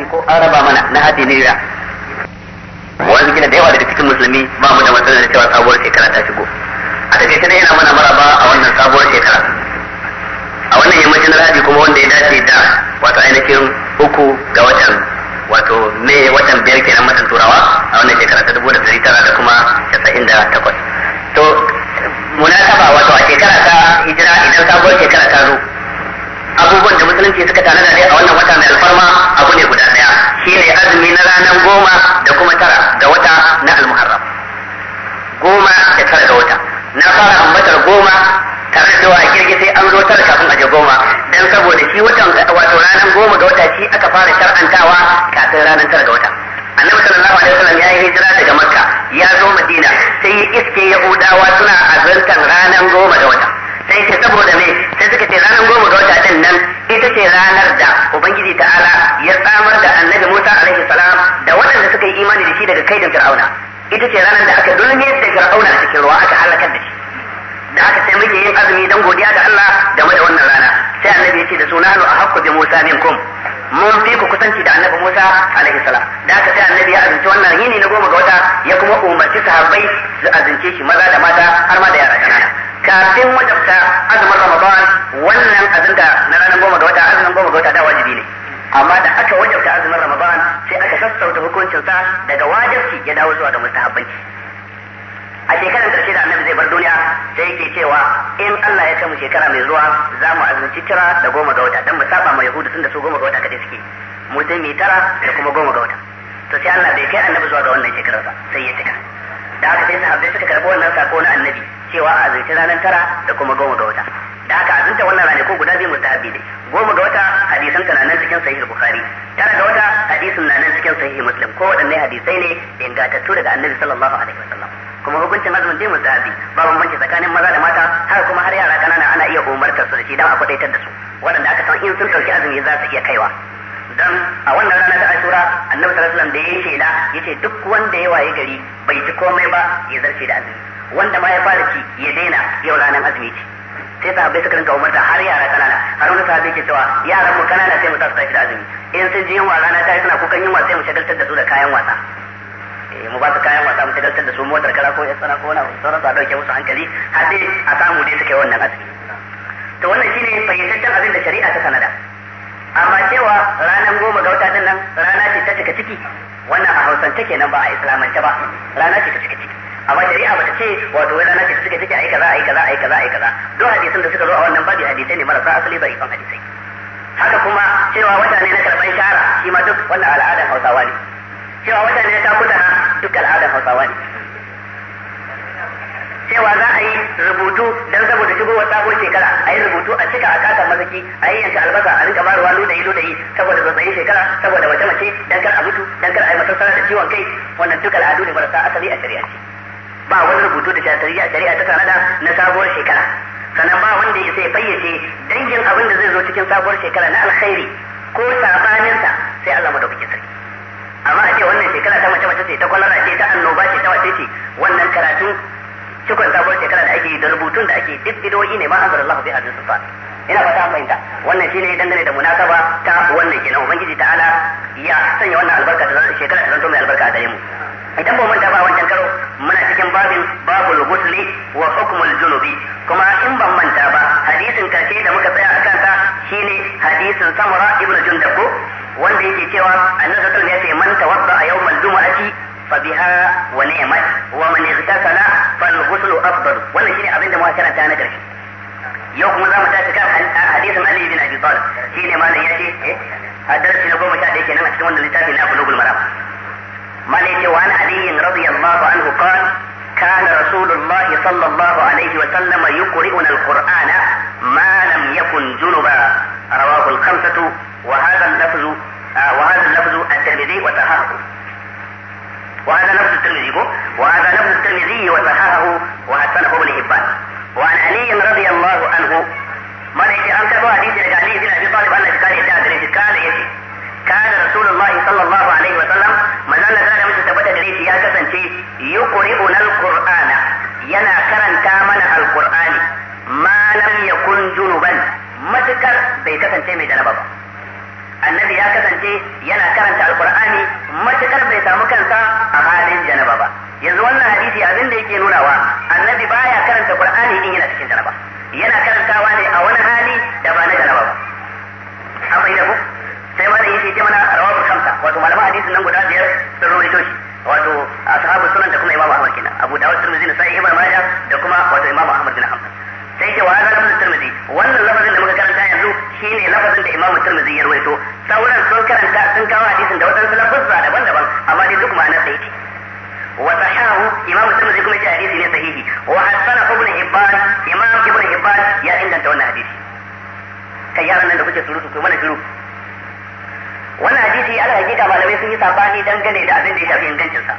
hati ko an raba mana na hati ne ya wani gina da yawa daga cikin musulmi ba mu da matsalar cewa sabuwar shekara ta shigo a take shi yana mana maraba a wannan sabuwar shekara a wannan yammacin rabi kuma wanda ya dace da wato ainihin uku ga watan wato me watan biyar kenan matan turawa a wannan shekara ta dubu da dari tara da kuma casa'in da takwas to munasaba wato a shekara ta hijira idan sabuwar shekara ta zo abubuwan da musulunci suka tanada ne a wannan wata mai alfarma abu ne guda daya shine azumi na ranar goma da kuma tara da wata na almuharram goma da tara da wata na fara ambatar goma tare da wa girgi sai an zo tara kafin aje goma dan saboda shi watan wato ranar goma ga wata shi aka fara shar'antawa kafin ranar tara ga wata annabi sallallahu alaihi wasallam ya yi hijira daga makka ya zo madina sai ya iske yahudawa suna azantan ranar goma da wata sai ce saboda me sai suka ce ranar goma ga wata din nan ita ce ranar da ubangiji ta'ala ya tsamar da annabi Musa alaihi salam da waɗanda suka yi imani da shi daga kaidin Fir'auna ita ce ranar da aka dulmiyar da Fir'auna a cikin ruwa aka halakar da shi da aka sai muke yin azumi dan godiya ga Allah game da wannan rana sai annabi ya ce da sunanu a hakku bi Musa minkum mun fi ku kusanci da annabi Musa alaihi salam da aka sai annabi ya azunci wannan yini na goma ga wata ya kuma umarci sahabbai su azunce shi maza da mata har ma da yara kafin wajabta azumar Ramadan wannan azunta na ranar goma ga wata azumin goma ga wata da wajibi ne amma da aka wajabta azumin Ramadan sai aka sassauta hukuncinsa daga wajibi ya dawo zuwa ga mustahabbanci a shekaran karshe da annabi zai bar duniya sai yake cewa in Allah ya kai shekara mai zuwa za mu azumci tara da goma ga wata dan mu saba ma yahudu tun da su goma ga wata kadai suke mu sai mu tara da kuma goma ga wata to sai Allah bai kai annabi zuwa ga wannan shekarar ba sai ya cika da haka sai sahabbai suka karɓi wannan sako na annabi cewa a azumci ranar tara da kuma goma ga wata da haka azumta wannan ko guda biyu mutabi ne goma ga wata hadisan ta nan cikin sahih bukhari tara ga wata hadisin na nan cikin sahih muslim ko wadannan hadisai ne ingantattu daga annabi sallallahu alaihi wasallam kuma hukuncin azumin dai musahabi ba bambanci tsakanin maza da mata har kuma har yara kanana ana iya umartar su da shi dan a kwadaitar da su waɗanda aka san in sun ɗauki azumi za su iya kaiwa dan a wannan rana ta ashura annabi sallallahu alaihi wasallam da yayi shaida ce duk wanda ya waye gari bai ci komai ba ya zarce da azumi wanda ma ya fara ci ya daina yau ranar azumi ce sai bai suka rinka umarta har yara kanana har wani sahabi ke cewa yaran mu kanana sai mu tafi da azumi in sun ji yunwa rana ta yi suna kukan yunwa sai mu shagaltar da su da kayan wasa mu ba su kayan wasa mu shagaltar da su motar kara ko yatsana ko wani su a dauke musu hankali har dai a samu dai suke wannan aski. to wannan shine fahimtaccen abin da shari'a ta sanada amma cewa ranar goma ga wata din nan rana ce ta cika ciki wannan a hausan hausance kenan ba a islamance ba rana ce ta cika ciki amma shari'a bata ce wato wai rana ce ta cika ciki a yi kaza a yi kaza a yi kaza a yi kaza duk hadisan da suka zo a wannan babi hadisai ne marasa asali ba ifan hadisai haka kuma cewa wata ne na karban shara shi ma duk wannan al'adan hausawa ne cewa wata ne ta kuta duk al'adar hausawa ne cewa za a yi rubutu don saboda shigowar sabon shekara a yi rubutu a cika a kakan mazaki a yi yanka albasa a rinka maruwa da yi da yi saboda tsotsayin shekara saboda wata mace dan kar a mutu dan kar a yi masarsara da ciwon kai wannan duk al'adu ne marasa asali a shari'a ce ba wani rubutu da shari'a shari'a ta sanada na sabuwar shekara sannan ba wanda ya sai fayyace dangin abin da zai zo cikin sabuwar shekara na alkhairi ko sabaninsa sai Allah madaukakin sarki amma a ce wannan shekara ta mace mace ce ta kwalara ce ta annoba ce ta wace ce wannan karatu cikon sabuwar shekara da ake yi da rubutun da ake duk bidoyi ne ma an zara Allah bi hadin sufa ina ba ta fahimta wannan shine dangane da munasaba ta wannan kenan ubangiji ala ya sanya wannan albarka ta shekara ta zanto mai albarka a gare mu idan ba manta ba wancan karo muna cikin babin babul gusli wa hukmul junubi kuma in ban manta ba hadisin karshe da muka tsaya a kansa shine hadisin samura ibnu jundab wanda yake cewa annabi sallallahu alaihi wasallam ya ce man tawadda yawmal jumu'ati fa biha wa ni'mat wa man ihtasala fal ghuslu afdal wannan shine abinda muka karanta na karshe yau kuma zamu tashi kan hadisin Ali bin Abi Talib shine malam yace a darasi na goma sha ɗaya kenan a cikin wannan littafin na bulugul maram malam yace wa an Ali radiyallahu anhu qala كان رسول الله صلى الله عليه وسلم يقرئنا القرآن ما لم يكن جنبا رواه الخمسة وهذا اللفظ آه، وهذا اللفظ الترمذي وصححه وهذا لفظ الترمذي وهذا لفظ الترمذي وصححه وحسنه ابن حبان وعن علي رضي الله عنه ملك أن تبع حديث لك علي بن أبي طالب أن كان يتعذر كان كان رسول الله صلى الله عليه وسلم ما زال كان مثل ثبت جريس يا كسنتي يقرئنا القرآن ينا كرن تامنا القرآن ما لم يكن جن matukar bai kasance mai janaba ba annabi ya kasance yana karanta alkur'ani matukar bai samu kansa a halin janaba ba yanzu wannan hadisi abin da yake nunawa annabi baya karanta qur'ani in yana cikin janaba yana karantawa ne a wani hali da ba na janaba ba amma bayyana ku sai wani da yake ce mana rawabu kamta wato malama hadisin nan guda biyar sun rawaito shi wato ashabu sunan da kuma imamu ahmad kenan abu dawud tirmidhi da sai ibn majah da kuma wato imamu ahmad bin hanbal sai ce wa hada lafazin turmizi wannan lafazin da muka karanta yanzu shine lafazin da imamu turmizi ya rawaito sauran sun karanta sun kawo hadisin da wadansu lafazza daban-daban amma dai duk ma'anar da yake wa sahahu imamu turmizi kuma ya hadisi ne sahihi wa hasana ibn hibban imam ibn hibban ya inganta wannan hadisi kai yaran nan da kuke su ku mana shiru wannan hadisi ala hakika malamai sun yi sabani dangane da abin da ya shafi ingancinsa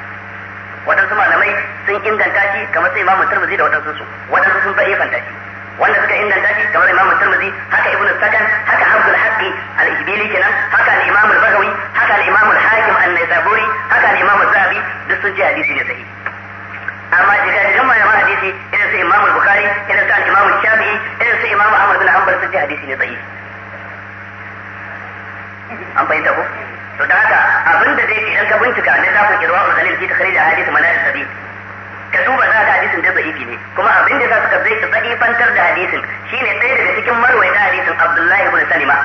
waɗansu malamai sun inganta shi kamar sai imamu tirmidhi da waɗansu su waɗansu sun fa'ifanta shi wanda suka inganta shi kamar Imam Tirmidhi haka Ibn Sakan haka Abdul Haqqi al-Ijbili kenan haka al-Imam al-Baghawi haka al-Imam al-Hakim an-Naisaburi haka al-Imam az-Zahabi duk sun ce hadisi ne sahihi amma jigajigan malaman hadisi idan su Imam al-Bukhari idan su al-Imam al-Shafi'i irin su Imam Ahmad bin Hanbal sun ce hadisi ne sahihi an fahimta ko to da haka abinda zai idan ka bincika na zafin irwa ulgalil fi takhrij ahadith manazil sabil ka duba za ka hadisin da za'ifi ne kuma abin da za su suka zai fantar da hadisin shine ɗaya daga cikin marwaita hadisin Abdullahi ibn Salima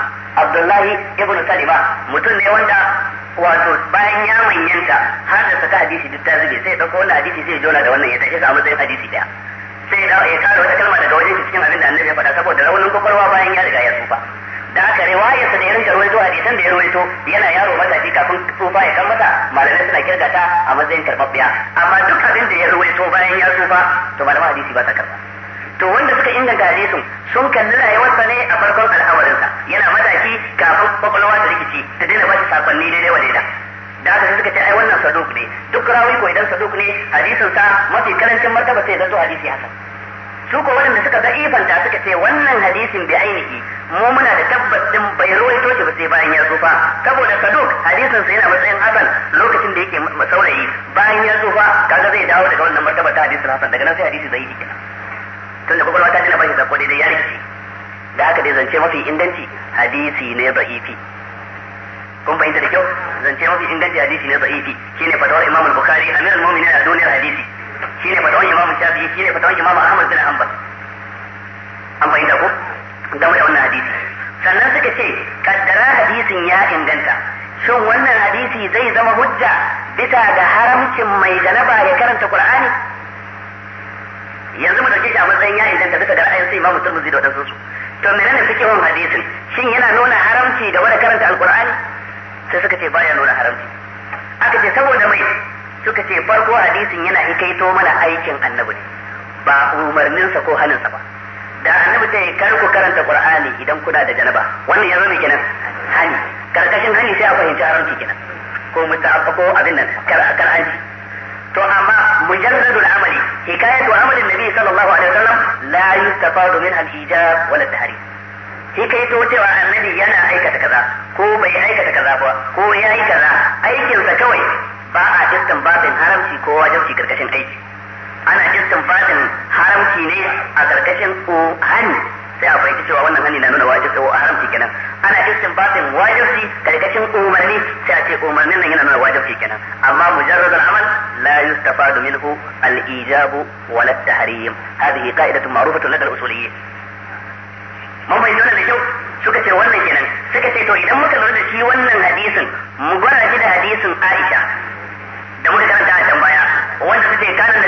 Abdullahi ibn Salima mutum ne wanda wato bayan ya manyanta har da saka hadisi duk ta zube sai ɗauko dauko wannan hadisi zai jona da wannan ya tashi a sai hadisi ɗaya. sai ya ya kare wata kalma daga wajen cikin abin da annabi ya faɗa saboda raunin kwakwalwa bayan ya riga ya tsufa da aka sa da ya da ruwaito hadisan da ya ruwaito yana yaro matashi kafin tsufa ya kan mata malamai suna kirga ta a matsayin karbabbiya amma duk abin da ya ruwaito bayan ya tsufa to malaman hadisi ba ta karba to wanda suka inganta hadisin sun kalli rayuwarsa ne a farkon al'awarinsa yana mataki kafin kwakwalwa ta rikici ta daina bashi sakonni daidai wa daidai da aka suka ce ai wannan saduk ne duk rawi ko idan saduk ne hadisin sa mafi karancin martaba sai da hadisi hasan su ko waɗanda suka ga ifanta suka ce wannan hadisin bi ainihi mu muna da tabbas din bai ruwaito shi ba sai bayan ya tsufa saboda saduk hadisin sa yana matsayin hasan lokacin da yake masaurayi bayan ya tsufa kaga zai dawo daga wannan martaba ta hadisin hasan daga nan sai hadisi zai yi kina tunda kwakwalwa ta dina bashi sako daidai ya rikici da haka dai zance mafi inganci hadisi ne da'ifi kun fahimta da kyau zance mafi inganci hadisi ne da'ifi shine fatawar imamul bukhari amirul mu'minin a duniyar hadisi shine fatawar imamul shafi'i shine fatawar imamul ahmad bin hanbal an fahimta ko game da wannan hadisi sannan suka ce kaddara hadisin ya inganta shin wannan hadisi zai zama hujja bisa ga haramcin mai janaba ya karanta qur'ani yanzu mu dauke shi a matsayin ya inganta bisa ga ra'ayin sai imamu turmuzi da wadansu to menene suke wannan hadisin shin yana nuna haramci da wanda karanta alqur'ani sai suka ce baya nuna haramci aka ce saboda mai suka ce farko hadisin yana hikaito mana aikin annabi ba umarninsa ko haninsa ba da annabi sai kar ku karanta qur'ani idan kuna da janaba wannan yanzu ne kenan hani karkashin hani sai a fahimci haramci kenan ko muta'affa ko abin nan kar kar hanci to amma mujarradul amali hikayatu amalin nabi sallallahu alaihi wasallam la yustafadu min al-ijab wala tahrim hikayatu cewa annabi yana aikata kaza ko bai aikata kaza ba ko ya yi kaza aikinsa kawai ba a babin haramci ko wajibi karkashin aiki ana istinbatin haramci ne a karkashin ko hani sai a fahimci cewa wannan hani na nuna wajibi ko haramci kenan ana istinbatin wajibi karkashin umarni sai a ce umarnin nan yana nuna wajibi kenan amma mujarrad al-amal la yustafadu minhu al-ijab wala at-tahrim hadhihi qa'idatun ma'rufatun lada al-usuliyyin mun bayyana wannan da kyau suka ce wannan kenan suka ce to idan muka lura da shi wannan hadisin mu gwara shi da hadisin Aisha da muka karanta a can baya wanda take kanan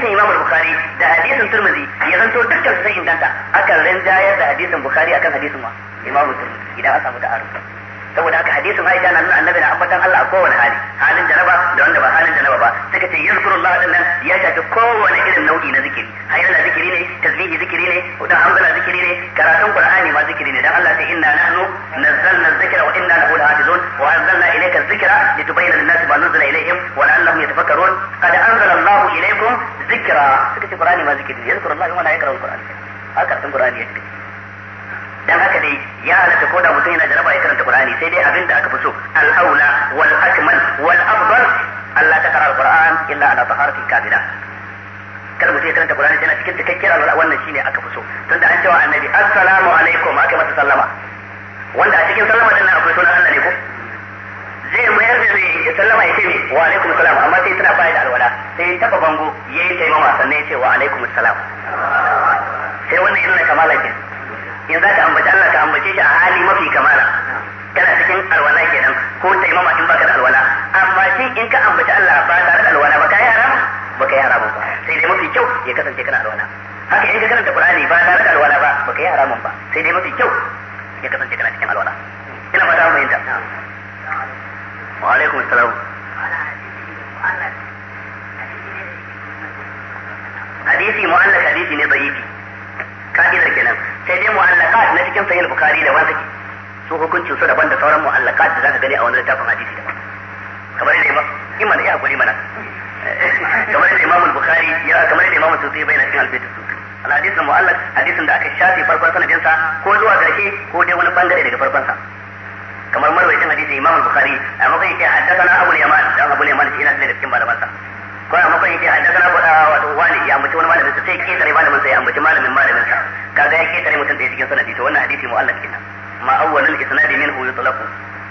hadisin Imam Bukhari da hadisin Tirmidhi ya zanto dukkan sai sun inganta akan rinjayar da hadisin Bukhari akan hadisin Imam Tirmidhi idan aka samu ta'aruf saboda haka hadisin Aisha na nuna annabi na ambaton Allah a kowane hali halin jaraba da wanda ba halin jaraba ba take ce yazkurullah din nan ya shafi kowane irin nau'i na zikiri hayyala zikiri ne tasbihi zikiri ne hudan hamdala zikiri ne karatun qur'ani ma zikiri ne dan Allah ta inna nahnu nazzalna dhikra wa inna lahu lahafizun wa anzalna ilayka dhikra litubayyana lin-nasi ma nuzila ilayhim wa la'allahum yatafakkarun qad anzala Allahu ilaykum dhikra suka ce qur'ani ma zikiri ne yazkuru Allah wa la yaqra'u al-qur'an haka karatun qur'ani yake dan haka dai ya halatta ko da mutum yana jaraba ya karanta qur'ani sai dai abinda aka fi so al-aula wal akmal wal afdal Allah ta kara alquran illa ala taharatin kamila Kar mutum ya karanta qur'ani yana cikin cikakkiyar alwala wannan shine aka fi so tunda an cewa annabi assalamu alaikum aka masa sallama wanda a cikin sallama din nan akwai sunan Allah ne ko zai mayar da zai sallama ya ce ne wa alaikum salam amma sai tana bayar da alwala sai ya taba bango ya yi taimama sannan ya ce wa alaikum salam sai wannan yana kamala ke in za ka ambaci Allah ka ambace shi a hali mafi kamala kana cikin alwala kenan ko taimama in baka da alwala amma shi in ka ambaci Allah ba tare da alwala ba kai haram ba kai haram ba sai dai mafi kyau ya kasance kana alwala haka in ka karanta Qur'ani ba tare da alwala ba ba kai haramun ba sai dai mafi kyau ya kasance kana cikin alwala ina fata mu yinta wa alaikum assalam hadisi mu'allaq hadisi ne da'ifi ka'idar kenan sai dai mu'allaqat na cikin sahih bukhari da wanda su hukuncin su daban da sauran mu'allaqat da zaka gani a wani littafin hadisi daban kamar da imam ima ya hakuri mana kamar da imam bukhari ya kamar da imam sufi bai na cikin albaitu sufi al hadisin mu'allaq hadisin da aka shafe farkon sanadin sa ko zuwa karshe ko dai wani bangare daga farkon sa kamar marwayin hadisin imam bukhari a makai yake haddathana abul yaman dan abul yaman shi yana da cikin malaman sa ko a makai yake haddathana wato wani ya mutu wani malamin sa sai ke tare malamin sa ya mutu malamin malamin sa kaga ya ke tare mutum da ya cikin sanadi to wannan hadisi mu'allaq kenan ma awwalul isnadi minhu yutlaqu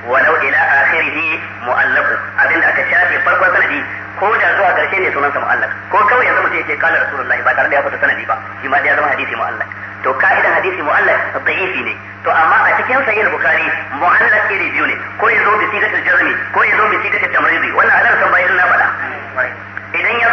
walau ila akhirih mu'allaq abinda aka shafe farkon sanadi ko da zuwa karshe ne sunan sa ko kawai yanzu mutum yake kala rasulullahi ba tare da ya fita sanadi ba shi ma ya zama hadisi mu'allaq to ka'idan hadisi mu'allaq da'ifi ne to amma a cikin sahih bukhari mu'allaq iri biyu ne ko ya zo bi sigatul jarmi ko ya zo bi sigatul tamridi wannan san na idan ya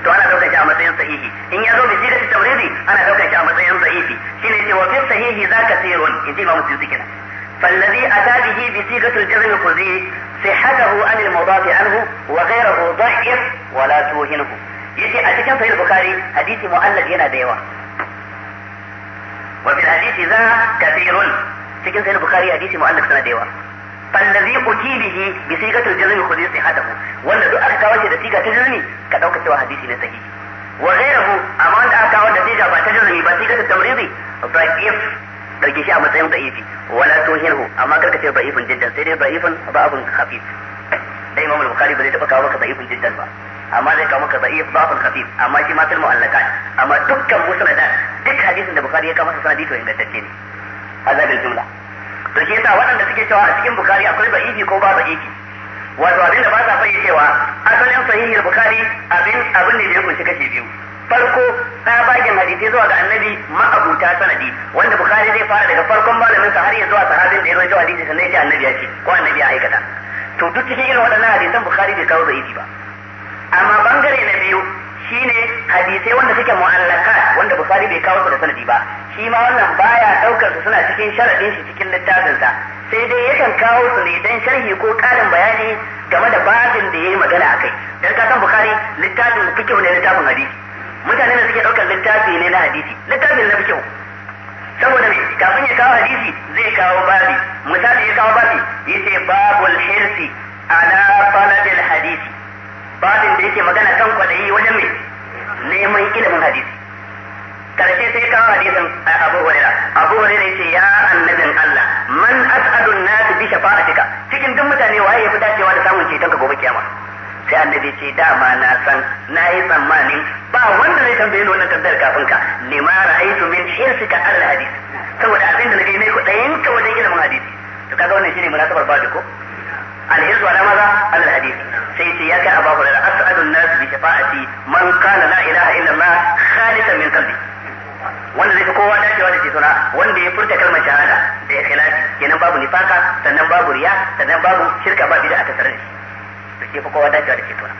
to ana daukar shi a matsayin sahihi in ya zo bi sigatul tamridi ana daukar shi a matsayin da'ifi shine cewa fi sahihi zaka sirrun inji imam Suyuti kenan فالذي أتى به بصيغة الجزم الخزي صحته عن المضاف عنه وغيره ضعف ولا توهنه yace a cikin sahih bukhari hadisi mu'allad yana da yawa wa fil hadisi za kathirun cikin sahih bukhari hadisi mu'allad yana da yawa fallazi uti bihi bi sigatul jazmi khudhi sihatahu wanda duk aka kawo shi da siga ta jazmi ka dauka ne sahihi wa amma da aka kawo da ba ta jazmi ba sigatul ba dauke shi a matsayin da'ifi wala tuhinhu amma karka ce da'ifin jiddan sai dai da'ifin ba khafif da Imam al-Bukhari ba zai taba kawo maka da'ifin jiddan ba amma zai kawo maka da'if abun khafif amma shi ma fil mu'allakat amma dukkan musnadat duk hadisin da Bukhari ya kawo maka sanadi to ingantacce ne azabil jumla to shi yasa waɗanda suke cewa a cikin Bukhari akwai da'ifi ko ba da'ifi wato abin da ba sa fayyacewa asalin sahihul Bukhari abin abin ne da ya kunshi kashi biyu farko tsabagen hadisi zuwa ga annabi ma'abuta sanadi wanda bukhari zai fara daga farkon malamin sa har ya zuwa sahabin da ya rawaito hadisi sannan ya annabi ya ce ko annabi ya aikata to duk cikin irin waɗannan hadisan bukhari bai kawo zaifi ba amma bangare na biyu shine hadisai wanda suke mu'allaka wanda bukhari bai kawo su da sanadi ba shi ma wannan baya daukar su suna cikin sharadin shi cikin littafin sa sai dai yakan kawo su ne dan sharhi ko karin bayani game da babin da yayi magana akai dan ka san bukhari littafin fikihu ne littafin hadisi mutane da suke ɗaukar littafi ne na hadisi littafin na kyau saboda me kafin ya kawo hadisi zai kawo babi misali ya kawo babi ce babul hirsi ala talabil hadisi babin da yake magana kan kwadayi wajen mai neman ilimin hadisi karshe sai kawo hadisin Abu Huraira Abu Huraira yace ya annabin Allah man as'adun nas bi cika cikin duk mutane waye ya fi dacewa da samun ceton ka gobe kiyama sai annabi ce dama na san na yi tsammanin ba wanda zai tambaye ni wannan tambayar kafin ka lima ra'aytu min ka al hadisi saboda abin da nake ne ko dayin ka wajen ilimin hadisi to kaga wannan shine munasabar ba ko al hirsu ala maza al hadisi sai ce ya kai abu da as'alu an-nas bi shafa'ati man kana la ilaha illa ma khalisan min qalbi wanda zai fi kowa dacewa da ceto na wanda ya furta kalmar shahada da ya ikhlasi kenan babu nifaka sannan babu riya sannan babu shirka ba bid'a ta tare da shi to shi fa kowa dacewa da ke na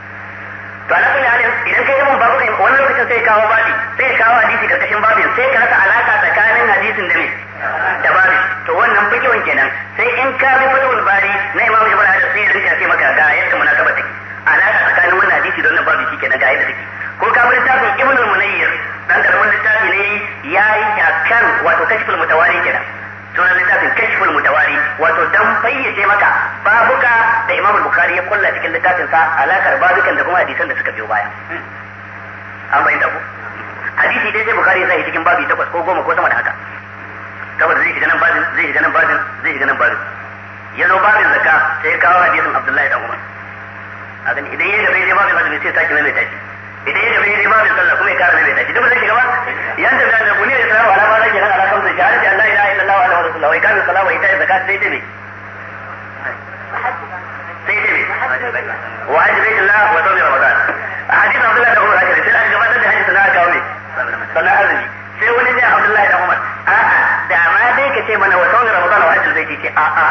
to ala kulli halin idan kai mun babu kai wani lokacin sai kawo babi sai kawo hadisi karkashin babin sai ka rasa alaka tsakanin hadisin da me da babin to wannan fikihun kenan sai in ka bi fatul bari na imamu ibnu hajar sai ya rinka sai maka ga yadda munasaba take alaka tsakanin wannan hadisi don bukhari ya kulla cikin littafin sa alakar babukan da kuma hadisan da suka biyo baya an bayyana ku hadisi dai sai bukhari ya sa cikin babi takwas ko goma ko sama da haka saboda zai shiga nan babin zai shiga nan babin zai shiga nan babin ya zo babin zakka sai ya kawo hadisin abdullahi dan umar a gani idan ya gaba ya babin azumi sai sake mai tashi idan ya gaba ya babin sallah kuma ya kara mai tashi duk da zai shiga ba ya ta da nabu ne ya sarawa ala ba zai ala kamsa shahadati an la ilaha illallah wa ala rasulullah wa ikanu salama wa ita'i sai dai ne بهم وحج بيت الله وصوم رمضان حديث عبد الله بن عمر هكذا sai an gabatar da hadisin aka kawo ne sannan azumi sai wani ne عبد الله بن عمر a'a da ma dai ka ce mana wa sauni ramadan wa hajjul baiti ce a'a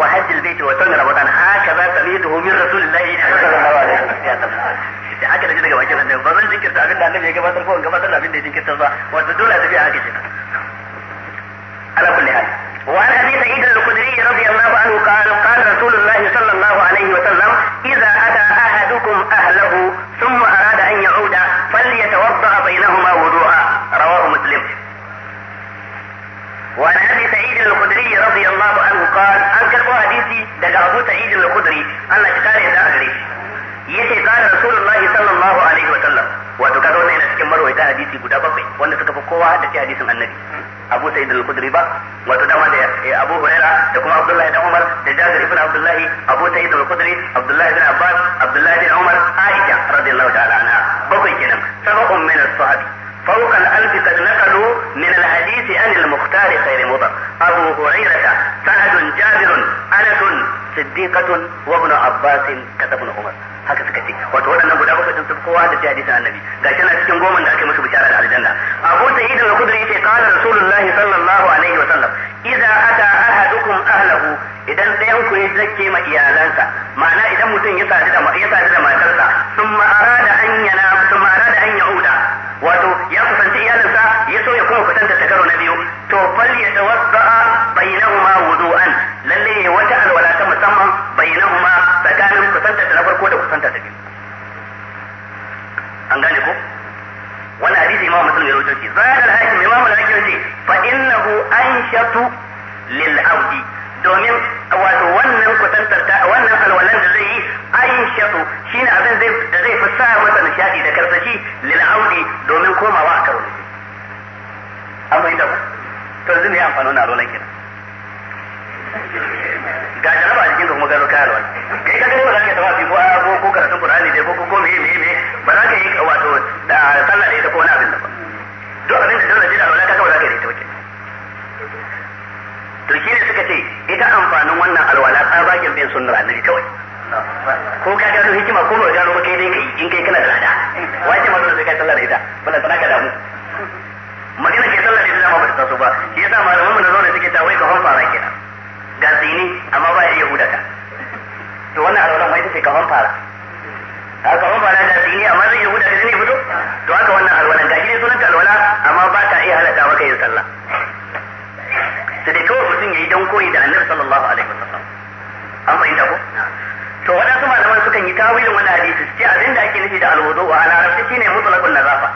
wa hajjul baiti wa sauni ramadan haka za ta lidu min rasulillahi sallallahu alaihi wasallam da aka daji daga bakin annabi ba zan jinkirta abin da annabi ya gabatar ko in gabatar da abin da ya jinkirta ba wato dole a tafi a haka kenan على كل حال وعن ابي سعيد الخدري رضي الله عنه قال قال رسول الله صلى الله عليه إذا أتى أحدكم أهله ثم أراد أن يعود فليتوضأ بينهما وضوءا رواه مسلم وعن أبي سعيد الخدري رضي الله عنه قال أنكر حديثي دقى أبو سعيد الخدري أن كتاب يتأجري يتي قال رسول الله صلى الله عليه وسلم wato kaga wannan yana cikin marwaita hadisi guda bakwai wanda suka fi kowa da haddace hadisin annabi Abu Sa'id al-Khudri ba wato dama da Abu huraira da kuma Abdullahi dan Umar da Jabir ibn Abdullahi Abu Sa'id al-Khudri Abdullahi bin Abbas Abdullahi bin Umar Aisha radiyallahu ta'ala anha bakwai kenan sab'un min as-sahabi فوق الألف قد نقلوا من الحديث عن المختار خير مضر أبو هريرة سعد جابر أنس صديقة وابن عباس كتب عمر haka suka ce wato waɗannan guda bakwai sun kowa da ta hadisin annabi shi na cikin goma da aka yi musu bishara da aljanna abu sa'id al ce, yace qala rasulullahi sallallahu alaihi wa sallam aka aka ahadukum ahlahu idan ɗayan ku ya zake ma iyalansa ma'ana idan mutum ya sadu da ya sadu da matarsa sun ma'arada da yana sun da an yahuda wato ya kusanci iyalansa ya so ya kuma kusanta ta karo na biyu to fal ya tawassa hadisi imam muslim ya rawaito shi zahir al-hakim imam ce fa innahu anshatu lil abdi domin wato wannan kutantar wannan alwalan da zai yi anshatu shine abin zai da zai fi sa masa nishadi da karsashi lil domin komawa a karwaje an ku amfani ga jaraba a jikin ka kuma gano kayan wani kai ka gani ba za ka tawafi ko a ko ko karatun qur'ani dai ko ko ko meye meye ba za ka yi wato da sallah da ta ko wani abin da ba duk abin da dole jira wala ka ga ba za ka yi ta wace to shi ne suka ce ita amfanin wannan alwala tsabagen bin sunnar annabi kawai ko ka gano hikima ko ba gano ba kai dai kai in kai kana da lada wace ma dole sai sallah da ita bala tsana ka damu magana ke sallah da ita ba ta taso ba shi yasa malaman mu na zaune suke ta wai ka hon fara kenan ga tsini amma ba ya huda ta to wannan alwalan mai take kafan fara a kafan fara ga tsini amma zai iya huda ta zai fito to haka wannan alwalan ga shine sunan alwala amma ba ta iya halatta maka yin sallah sai dai kawai mutum ya yi don koyi da annabi sallallahu alaihi wasallam an fahimta ko to waɗansu malaman sukan yi tawilin wani hadisi sai abinda abin da ake nufi da alwudu a rafi shine mutlaqun nazafa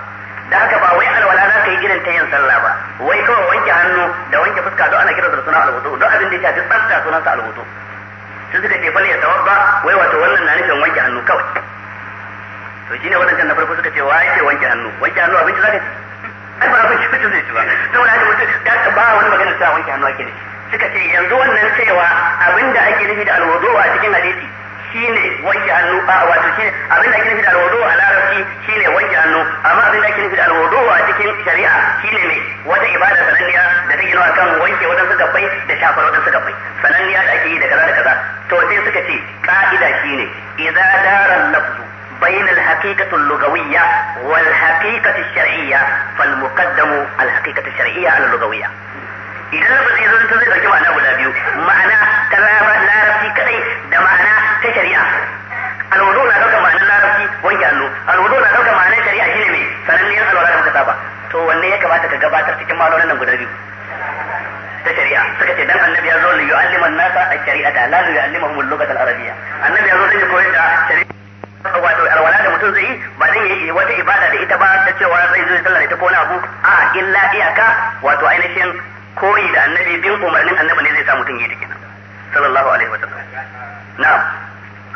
da haka ba wai alwala za ka yi irin ta yin sallah ba wai kawai wanke hannu da wanke fuska duk ana kiransa da suna alwudu duk abin da ya shafi tsafta sa alwudu sai suka ce fal ya tawabba wai wato wannan na nufin wanke hannu kawai to shine wadannan na farko suka ce wai ce wanke hannu wanke hannu abinci zaka ci ai ba abinci kuce zai ci ba saboda haka mutum da ba wani magana cewa wanke hannu ake nufi suka ce yanzu wannan cewa abinda ake nufi da alwudu a cikin hadisi Shi ne wanke hannu a wato shine abin da ake nufi da alwudu a larabci ne wanke hannu amma abin da ake nufi da alwudu a cikin shari'a shi ne mai wata ibada sananniya da take nuna kan wanke wadansu gabbai da shafar wadansu gabbai sananniya da ake yi da kaza da kaza to sai suka ce ka'ida ne idan dara lafzu بين الحقيقة اللغوية والحقيقة الشرعية فالمقدم الحقيقة الشرعية على اللغوية idan lafazin zai zai dauki ma'ana guda biyu ma'ana ta larabci kadai da ma'ana ma'anar shari'a alwudu na dauka ma'anar larabci wanke allo alwudu na dauka ma'anar shari'a shine me sananniyar alwala da muka saba to wanne ya kamata ka gabatar cikin ma'anonin nan guda biyu ta shari'a suka ce dan annabi ya zo li yu'allima an-nasa shari'a da la ya al mu al-arabiyya annabi ya zo dan ya koyar da shari'a wato alwala da mutum zai yi ba zai yi wata ibada da ita ba ta cewa zai zo sallah da ita ko abu a illa iyaka wato ainihin koyi da annabi bin umarnin annabi ne zai sa mutum yi ta kenan sallallahu alaihi wasallam na'am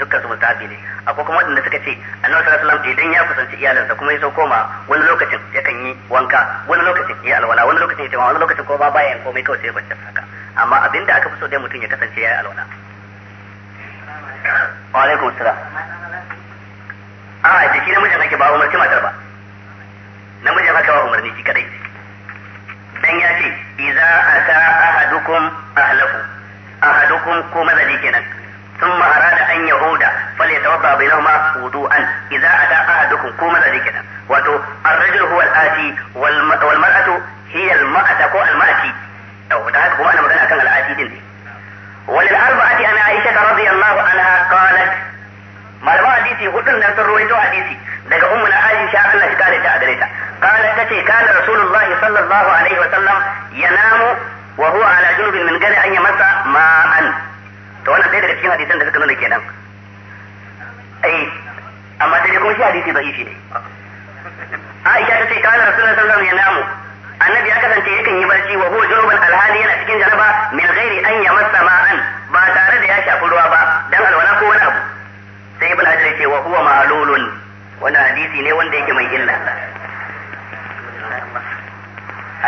dukkan su mustahabi ne akwai kuma wanda suka ce annabi sallallahu alaihi wasallam idan ya kusanci iyalansa kuma ya so koma wani lokacin yakan yi wanka wani lokacin ya alwala wani lokacin ya tawa wani lokacin ko ba bayan komai kawai sai bacci haka amma abinda aka fi so dai mutum ya kasance ya yi alwala wa alaikum salam a jiki namijin ake ba umarci matar ba namijin aka ba umarni shi kadai dan ya ce idza ata ahadukum ahlahu ahadukum ko mazali kenan ثم أراد أن يعود فليتوضا بينهما وضوءا إذا أتى أحدكم قوم ذلك وتو الرجل هو الآتي والمرأة هي المرأة كو المأتي أو تعالى كما أنا مدنى كان الآتي دين وللأربعة أن عائشة رضي الله عنها قالت ما لما حديثي هدن نفسر رويتو حديثي لك أمنا عائشة أقل أشكالة أدريتا قالت تشي كان رسول الله صلى الله عليه وسلم ينام وهو على جنوب من قبل أن يمس ماءً da wannan ɗaya daga cikin hadisan da suka nuna kenan ai amma dai kuma shi hadisi ba shi ne Aisha ta ce kana rasulullahi sallallahu alaihi wasallam ya annabi ya kasance yakan yi barci wa huwa junuban alhali yana cikin jaraba min ghairi an yamassa ma'an ba tare da ya shafi ruwa ba dan alwala ko wani abu sai ibn hajar ya ce wa huwa ma'lulun wannan hadisi ne wanda yake mai illa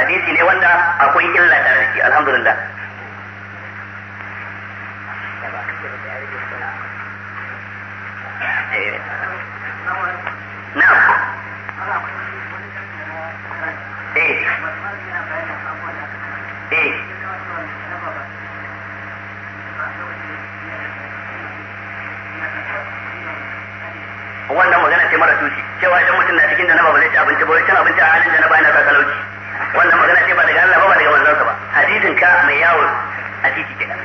hadisi ne wanda akwai illa tare da shi alhamdulillah Eh. wannan magana ce mara tushe cewa idan mutum na cikin janaba ba zai ci abinci ba cin abinci a halin janaba yana sa talauci wannan magana ce ba daga Allah ba ba daga manzon sa ba hadisin ka mai yawo a titi kenan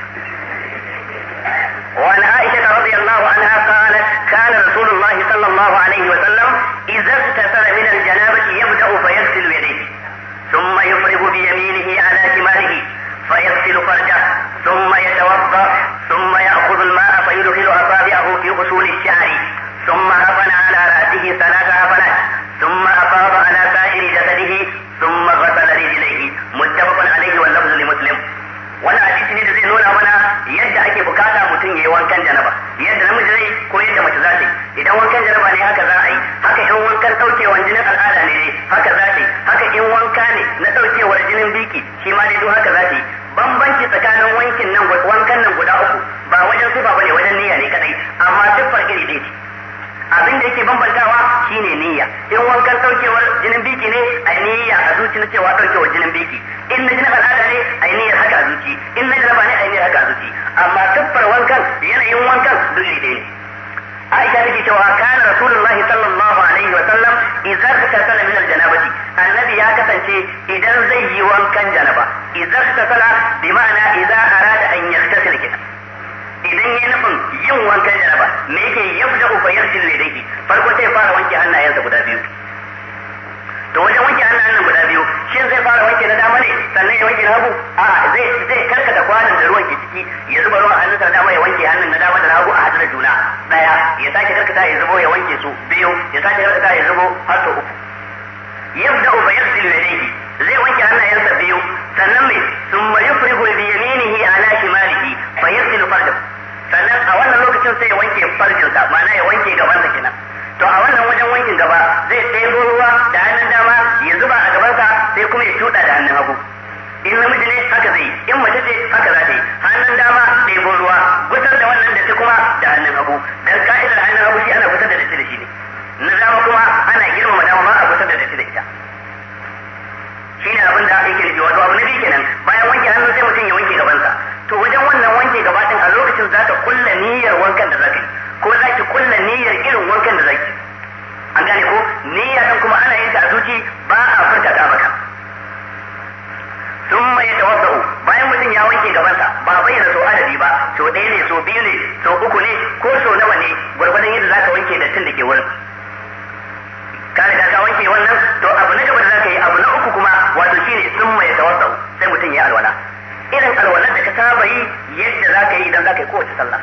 ya sake karkata ya zubo ya wanke su biyu ya sake karkata ya zubo har sau uku yabda ba yarsilu yadayhi zai wanke hannayensa biyu sannan mai thumma yufrihu bi yaminihi ala shimalihi fa yarsilu farjahu sannan a wannan lokacin sai ya wanke farjinsa ma'ana ya wanke gaban sa kenan to a wannan wajen wankin gaba zai ɗebo ruwa da hannun dama ya zuba a gabansa sai kuma ya tuɗa da hannun hagu in namiji ne haka zai in mace ce haka za ta yi hannun dama ɗebo ruwa gusar da wannan da ta kuma da hannun hagu dan ka'idar hannun hagu shi ana gusar da ta da shi ne na dama kuma ana girmama dama ba a gusar da ta da ita shi ne abin da yake nufi wato abu na biyu kenan bayan wanke hannu sai mutum ya wanke gabansa to wajen wannan wanke gaba a lokacin za ka kulla niyyar wankan da za ka yi ko za ki kulla niyyar irin wankan da za ki an gane ko niyyar kuma ana yin ta a zuci ba a furta ta baka sun mai tawazza'u bayan mutum ya wanke gabansa ba a bayyana sau adadi ba sau ɗaya ne sau biyu ne sau uku ne ko sau nawa ne gwargwadon yadda za ka wanke da dattin da ke wurin ka riga ka wanke wannan to abu na gaba da za ka yi abu na uku kuma wato shine sun mai tawazza'u sai mutum ya alwala irin alwalar da ka saba yi yadda za ka yi idan ka yi kowace sallah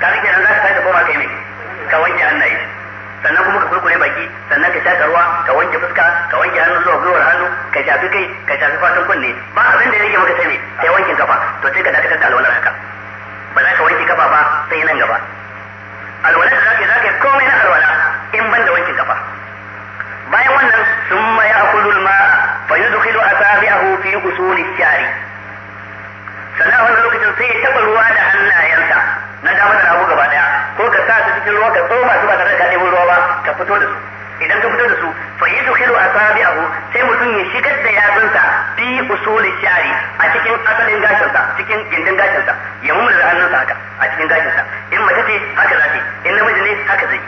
ka rike nan zaka sai da koma kai ne ka wanke hannaye sannan kuma ka kurkure baki sannan ka shaka ruwa ka wanke fuska ka wanke hannu zuwa gwiwar hannu ka shafi kai ka shafi fatan kunne ba abin da yake maka sai me sai wankin kafa to sai ka dakatar da alwalar haka ba za ka wanke kafa ba sai nan gaba alwalar da zaka zaka komai na alwala in ban da wankin kafa bayan wannan summa ya'khudhu al-ma'a fa yudkhilu asabi'ahu fi usuli shari sannan a lokacin sai ya taɓa ruwa da hannayensa na dama da hagu gaba daya ko ka sa su cikin ruwa ka tsoma su ba tare da ka ruwa ba ka fito da su idan ka fito da su fa yi dukiru a abu sai mutum ya shigar da yatsunsa fi usuli shari a cikin asalin gashinsa cikin gindin gashinsa ya mummu da hannunsa haka a cikin gashinsa in mace ce haka za ta in namiji ne haka zai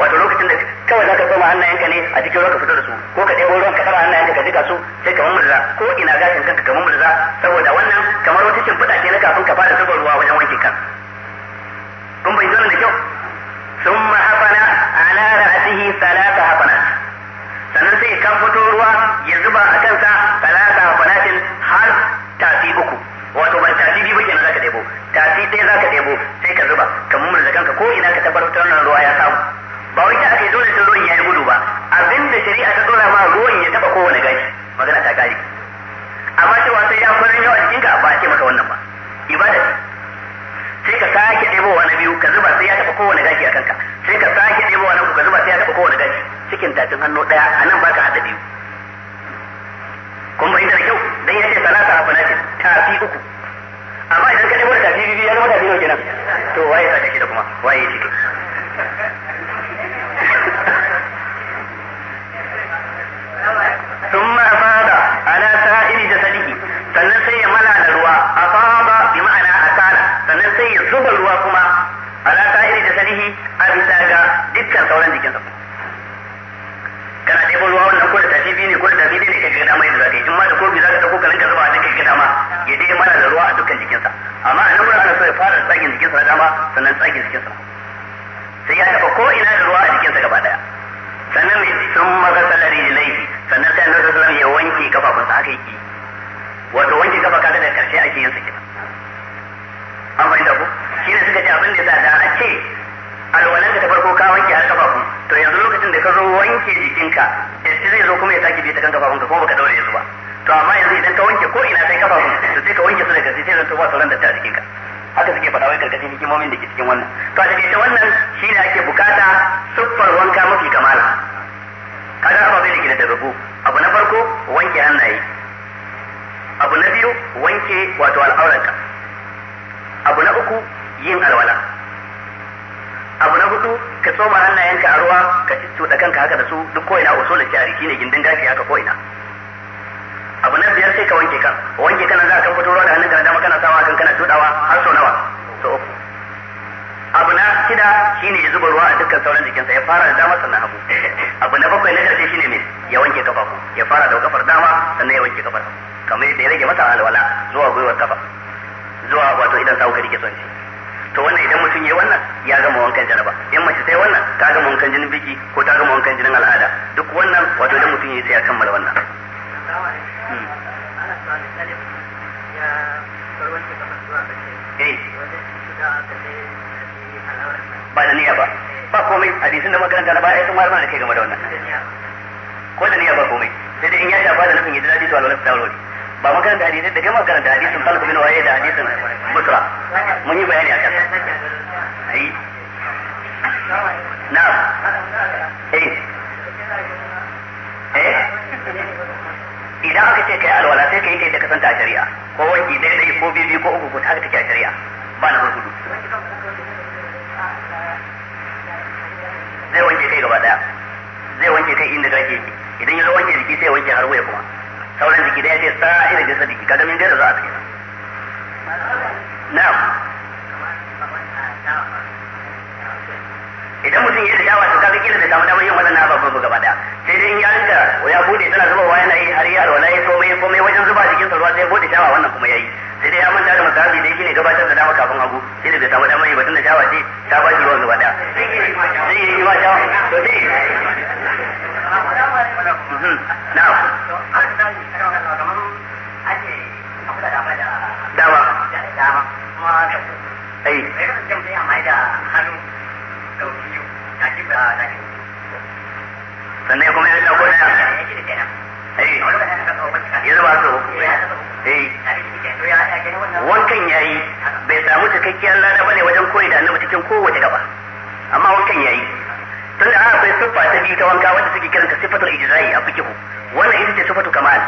wato lokacin da kawai zaka tsoma hannayenka ne a cikin ruwa ka fito da su ko ka ɗebo ruwan ka tsara hannayenka ka jika su sai ka mummurza ko ina gashin kanka ka mummurza saboda wannan kamar wata shimfiɗa ke na kafin ka fara zuba ruwa wajen wanke kan kun bai zama da kyau sun mahafana ala ra'atihi salata hafana sannan sai kan fito ruwa ya zuba a kansa salata hafanatin har tafi uku wato ban tafi biyu ba za zaka ɗebo tafi ɗaya zaka ɗebo sai ka zuba ka mummurza kanka ko ina ka tabbatar wannan ruwa ya samu ba wai ta ake dole sun ruwan ya yi gudu ba abinda shari'a ta dora ma ruwan ya taba kowane gari magana ta gari amma cewa sai ya kwarin yawa cikin ka ba ce maka wannan ba ibada sai ka sake wa na biyu ka zuba sai ya taba kowane gari a kanka sai ka sake wa na uku ka zuba sai ya taba kowane gari cikin tatin hannu ɗaya a nan baka haɗa biyu kun bai da kyau dan yace salata a fanatin tafi uku amma idan ka ɗebo da tafi biyu ya zama tafi nawa kenan to waye sake shi da kuma waye shi ثم أفاض على سائر جسده sannan sai ya mala da ruwa afada bi ma'ana asara sannan sai ya zuba ruwa kuma ala sa'iri da sanihi a bisa dukkan sauran jikinsa kana ɗebo ruwa wannan ko da tafi ne ko da tafi ne ka gina mai da zaka yi in ma da kofi zaka dauko ka rinka zuba a cikin ma ya da ruwa a dukkan jikinsa amma a nan ana so ya fara jikinsa dama sannan jikinsa sai ya ko ina da ruwa a jikinsa gaba ɗaya sannan mai sun magasala rijilai sannan sai annabi sallallahu alaihi ya wanke kafafunsa aka yi wato wanke kafa kaga da karshe ake yin sa kenan an ku shi ne suka ce abin da yasa da a ce alwalan ka ta farko ka wanke har kafafu to yanzu lokacin da ka zo wanke jikinka yanzu zai zo kuma ya sake bi ta kan kafafun ko baka daure yanzu ba to amma yanzu idan ka wanke ko ina kai kafafun to sai ka wanke su da karshe sai zan to ba sauran da ta jikinka haka suke faɗa wai karkashin hikimomin da ke cikin wannan to a takaice wannan shi ne ake bukata siffar wanka mafi kamala kada ba da ke da darbu abu na farko wanke hannaye abu na biyu wanke wato al'auranka abu na uku yin alwala abu na hudu ka tsoma hannayenka a ruwa ka da kanka haka da su duk ko ina usulul shari shine gindin gashi haka ko ina abu na biyar sai ka wanke ka wanke kana za ka fito ruwa da hannunka da dama kana sawa kan kana cuɗawa har sau nawa sau uku abu na shida shine ya zuba ruwa a dukkan sauran jikinsa ya fara da dama sannan hagu abu na bakwai na karshe shine ne ya wanke kafafu ya fara da kafar dama sannan ya wanke kafar kamar yadda ya rage masa alwala zuwa gwiwar kafa zuwa wato idan sa kadi ke son shi to wannan idan mutum ya wannan ya gama wankan jaraba in mace sai wannan ta gama wankan jinin biki ko ta gama wankan jinin al'ada duk wannan wato idan mutum ya sai ya kammala wannan eh ba da niyya ba ba komai hadisin da makaranta na baya sun marma da kai game da wannan ko da niyya ba komai sai dai in ya shafa da nufin yi ji daɗi to alwala ta ba makaranta hadisi da kai makaranta hadisin talib bin waye da hadisin busra mun yi bayani akan ai na eh eh idan aka ce kai alwala sai kai kai da kasanta a shari'a ko wanki daidai ko bibi ko uku ko haka take a shari'a ba na hudu kaga min da za a tsira na'am idan mutum yi da yawa to kaga kila da samu damar yin wannan ababen ba gaba daya sai dai in ya rinka ya bude tana zubawa yana yi har ya na yi komai komai wajen zuba jikin sa ruwa sai bude shawa wannan kuma yayi sai dai ya manta da masabi dai shine gabatar da dama kafin hagu shi ne bai samu damar yi ba tunda shawa ce ta ba shi ruwan gaba daya zai yi ma shawa to sai na'am hannu ɗauki biyu na ji ba na ji sannan kuma ya ɗauko ɗaya ya eh. zuba su eh. wankan ya yi bai samu cikakkiyar lada ne wajen koyi da annabi cikin kowace gaba amma wankan ya yi tun da akwai siffa ta biyu ta wanka wanda suke kiranta siffatul ijra'i a fikihu wannan ita ce siffatu kamal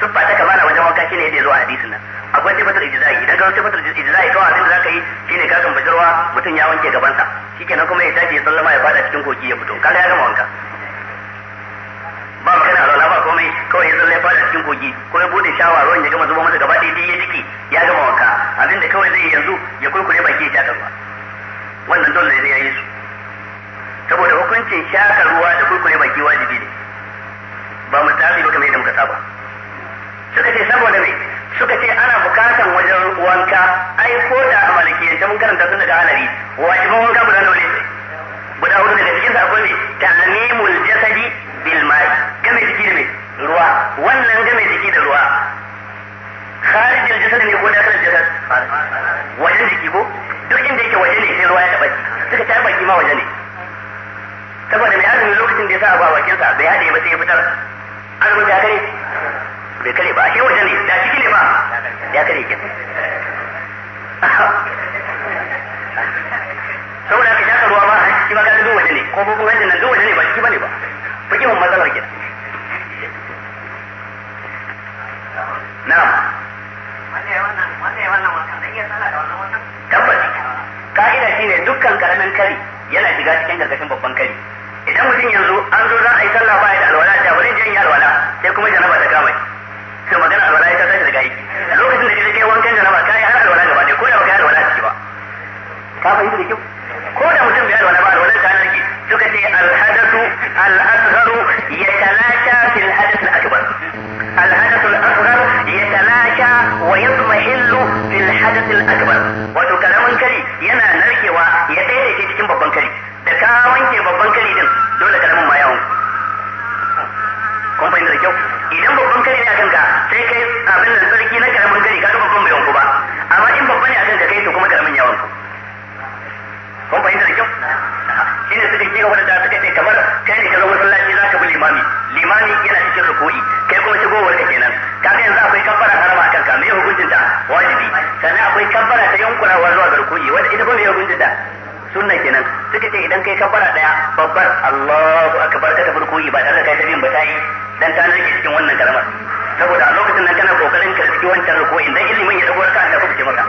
siffa ta kamala wajen wanka shine ne ya zo a hadisin nan akwai sifatul ijza'i idan ka sifatul ijza'i kawai abin da zaka yi shine ka kan bajirwa mutum ya wanke gabansa shikenan kuma ya tashi ya sallama ya fada cikin koki ya fito kaga ya gama wanka ba magana alwala ba komai kawai ya ya fada cikin koki ko ya bude shawa ruwan ya gama zuba masa gaba ɗaya ya jiki ya gama wanka abin da kawai zai yanzu ya kurkure baki ya shaka ruwa wannan dole ne ya yi su saboda hukuncin shaka ruwa da kurkure baki wajibi ne ba mu tafi ba kamar yadda muka saba suka ce saboda me suka ce ana bukatan wajen wanka ai ko da a malikiyance mun karanta sun daga alari wajibin wanka guda nawa ne dan ka rage cikin wannan karamar saboda a lokacin nan kana kokarin ka ciki wancan ko dan ilimin ya dago ka ta kubuce maka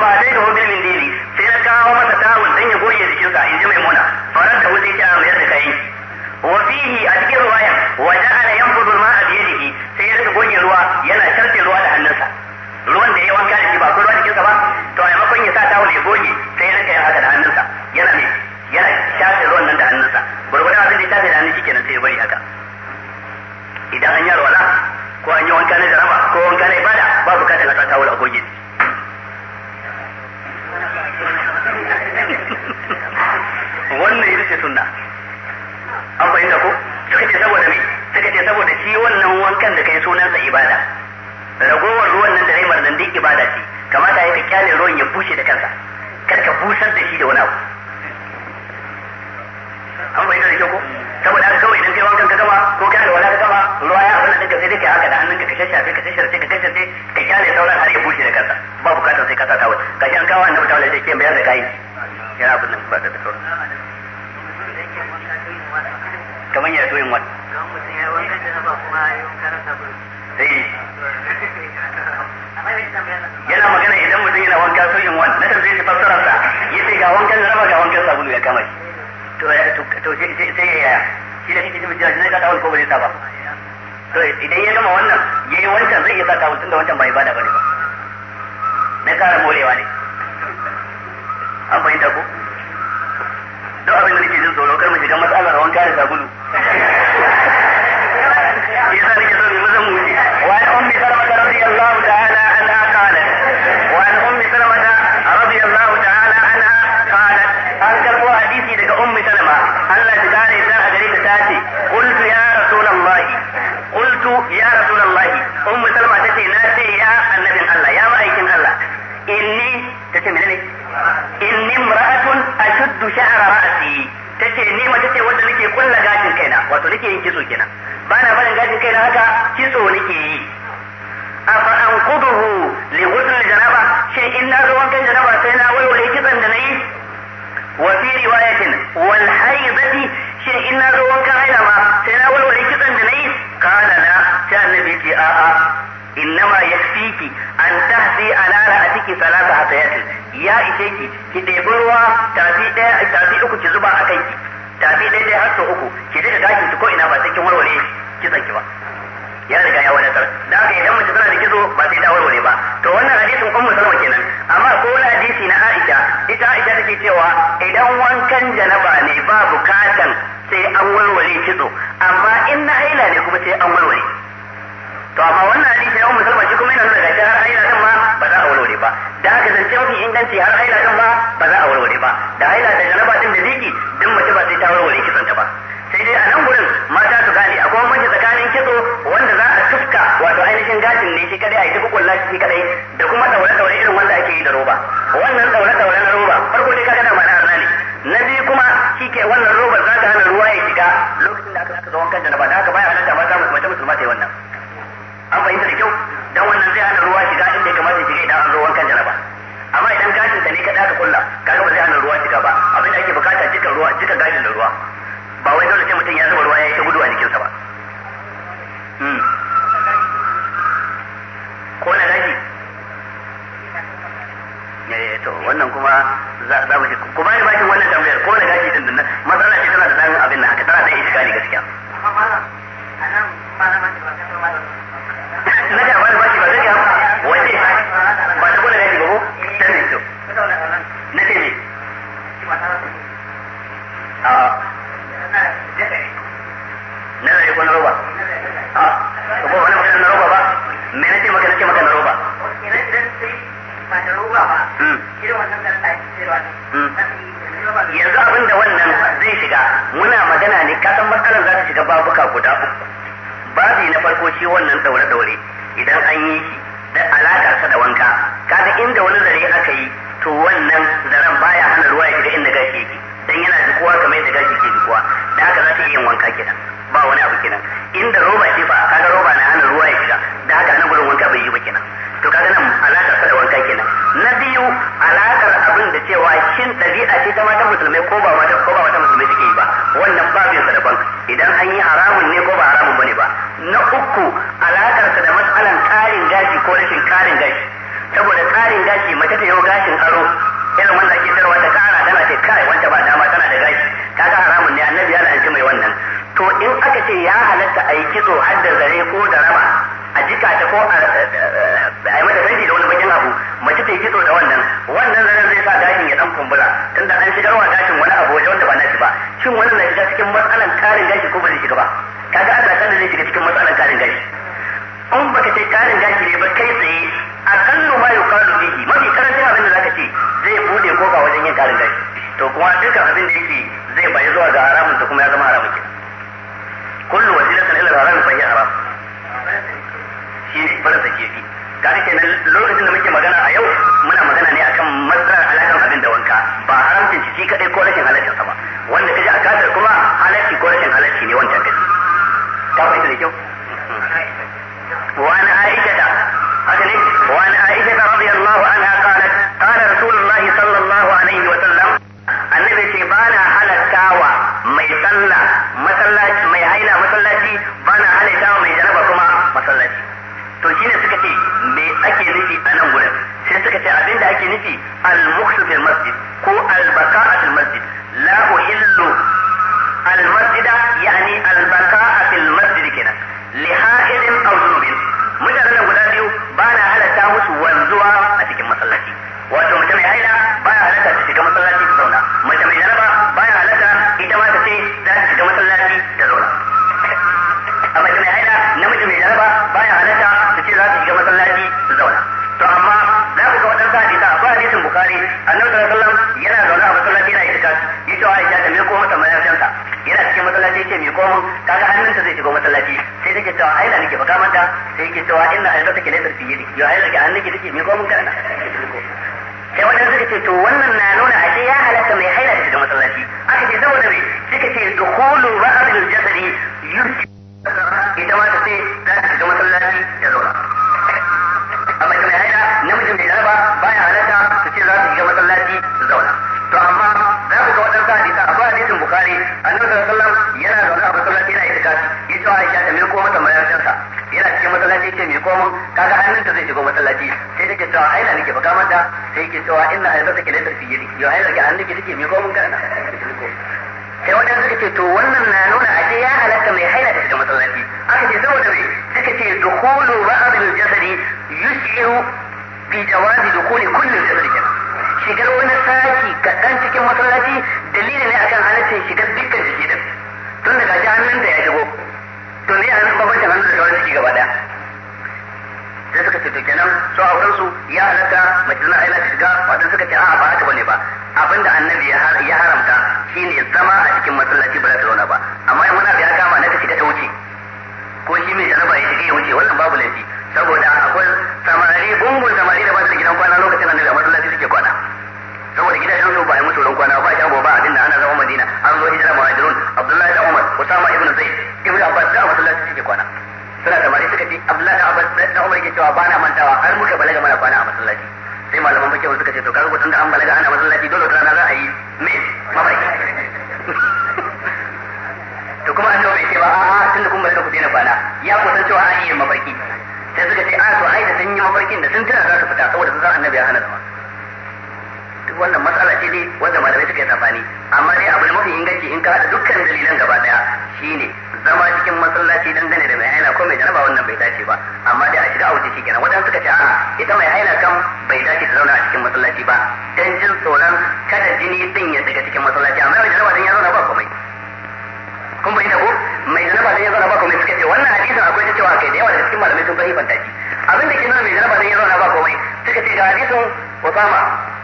بارے ہو گئے جی yake cewa ina aibata ke da tarfi yadi yau ai daga annabi take me ko mun karanta sai wanda suka ce to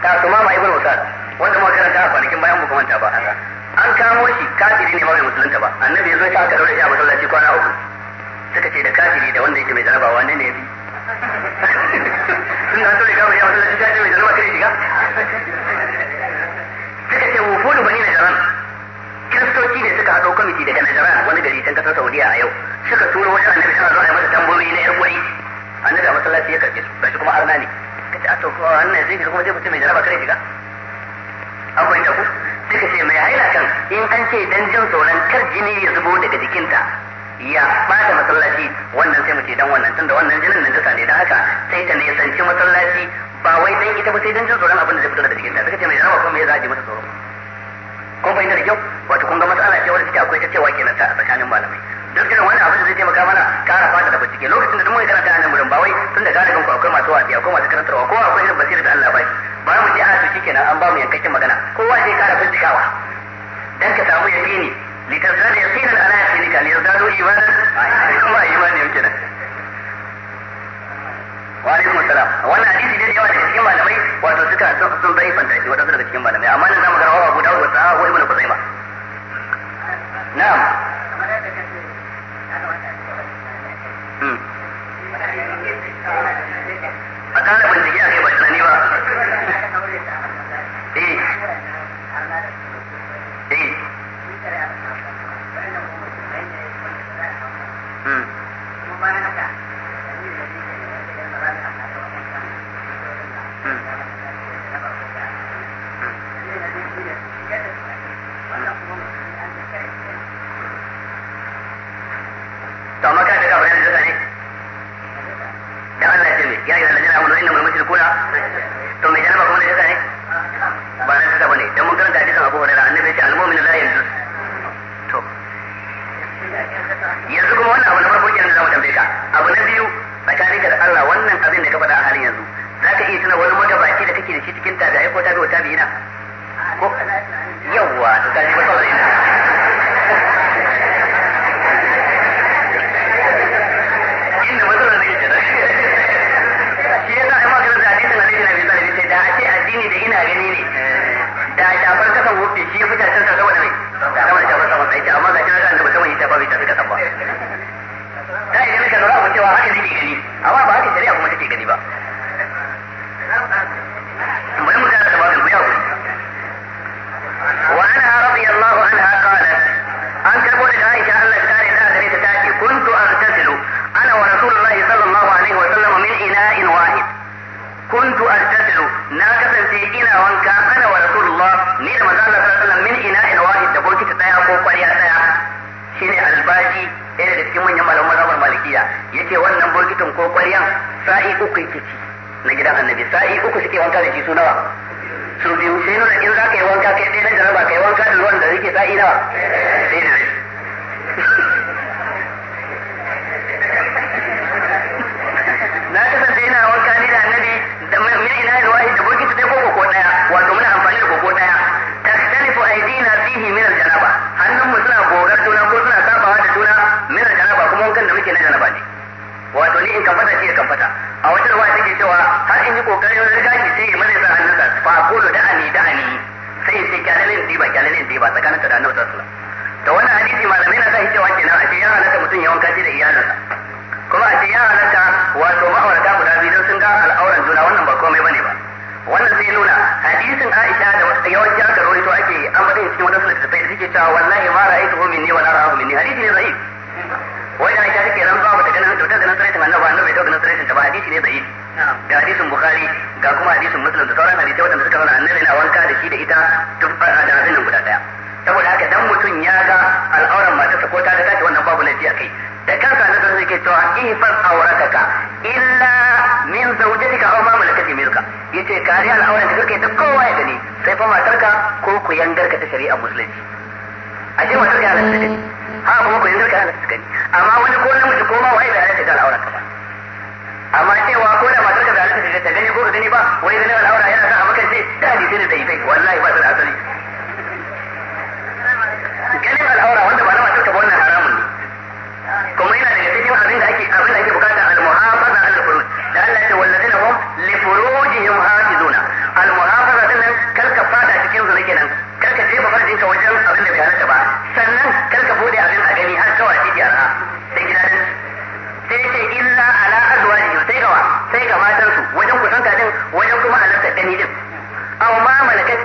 Ka ta sumama ibn usad wanda ma karanta a kwanakin bayan mu manta ba an kamo shi kafiri ne ma bai musulunta ba annabi ya zo shi aka daure shi a masallaci kwana uku suka ce da kafiri da wanda yake mai jaraba wanne ne ya fi suna so da gaba ya masallaci kafiri mai jaraba kare shiga suka ce wufudu bani najaran kiristoci ne suka haɗo kwamiti daga najaran wani gari can kasar saudiya a yau suka turo wajen annabi suna zuwa ya masa tambayoyi na yar gwari annabi a masallaci ya karɓe su gashi kuma arna ne ka ce a to kuma wannan zai shiga kuma zai mutum mai jaraba kare shiga an fahimta ku sai ka ce mai haila kan in an ce dan jin tsoron kar jini ya zubo daga jikinta ya bata masallaci wannan sai mu ce dan wannan tunda wannan jinin nan jasa ne dan haka sai ta ne sanci masallaci ba wai dan ita ba sai dan jin tsoron abin da zai fito daga jikinta ka ce mai jaraba kuma me za a ji masa tsoro ko bai da kyau wato kun ga matsala ce wanda take akwai ta cewa kenan ta a tsakanin malamai don kina wani abin da zai taimaka mana kara fata da bincike lokacin da duk mun karanta nan gurin ba wai tun da galibin ku akwai masu wasi akwai masu karantarwa ko akwai irin basira da Allah ba shi ba mu ji a to shikenan an ba mu yankakken magana kowa zai kara bincikawa dan ka samu yaqini litazdada yaqinan ala yaqinika liyazdadu imanan ma imani yake nan wa alaikum assalam wannan hadisi da yawa daga cikin malamai wato suka sun bai fanta shi wadansu daga cikin malamai amma nan zamu ga rawahu Abu Dawud wa sa'a wa Ibn Khuzaimah na'am Hmm. ba ta da bincike a kai ba tunani ba eh